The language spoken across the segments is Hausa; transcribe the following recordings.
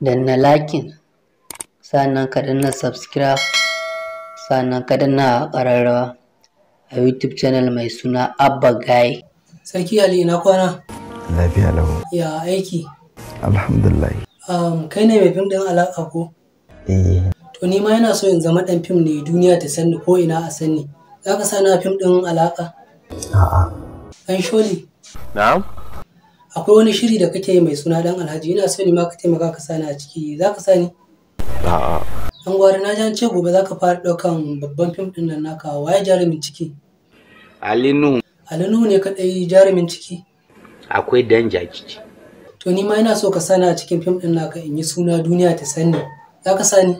danna like sannan ka danna subscribe sannan ka danna ƙararrawa a youtube channel mai suna abba guy sarki ali na kwana lafiya lau ya aiki alhamdulillah um, kai ne mai fim din alaƙa ko eh to ni ma yana so in zama dan fim ne duniya ta sani ko ina a sani za ka sa fim din alaƙa a'a an sholi na'am akwai wani shiri da kake mai suna dan alhaji ina so ne ma ka taimaka ka sani a ciki za ka sani a'a an gwari na jan ce gobe za ka fara ɗaukan babban fim ɗin nan naka waye jarumin ciki alinu alinu ne dai jarumin ciki akwai danja ciki to ni ma ina so ka sani a cikin fim ɗin naka in yi suna duniya ta sani za ka sani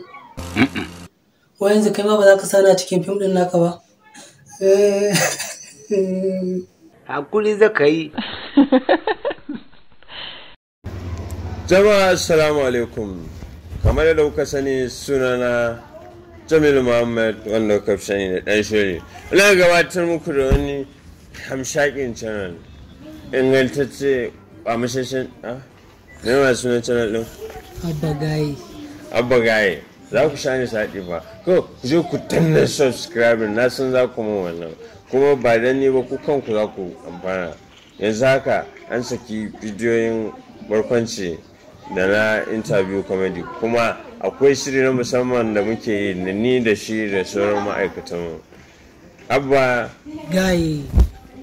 wa yanzu kai ma ba za ka sani a cikin fim ɗin naka ba eh. hakuri za ka yi jama'a assalamu alaikum kamar yadda kuka sani sunana jamilu muhammad wanda kuka sani da ɗan shiri ina gabatar muku da wani hamshakin channel ingantacce a mashashin a ah, ne ma sunan channel ɗin abba gaye abba gaye za ku sha ni saɗi ba ko ku je ku tanna subscribing na san za ku mun wannan kuma ba dan ni ba ku kanku za ku amfana yanzu haka an saki bidiyoyin barkwanci da na interview comedy kuma akwai shiri na musamman da muke yi da ni da shi da sauran ma'aikatan abba gaye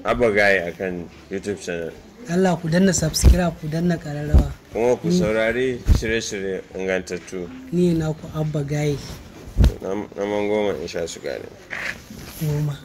abba gaye akan youtube channel Allah ku danna subscribe ku danna kararrawa kuma ku saurari shirye-shirye ingantattu ni na ku abba gaye na mangoma goma in sha su gane goma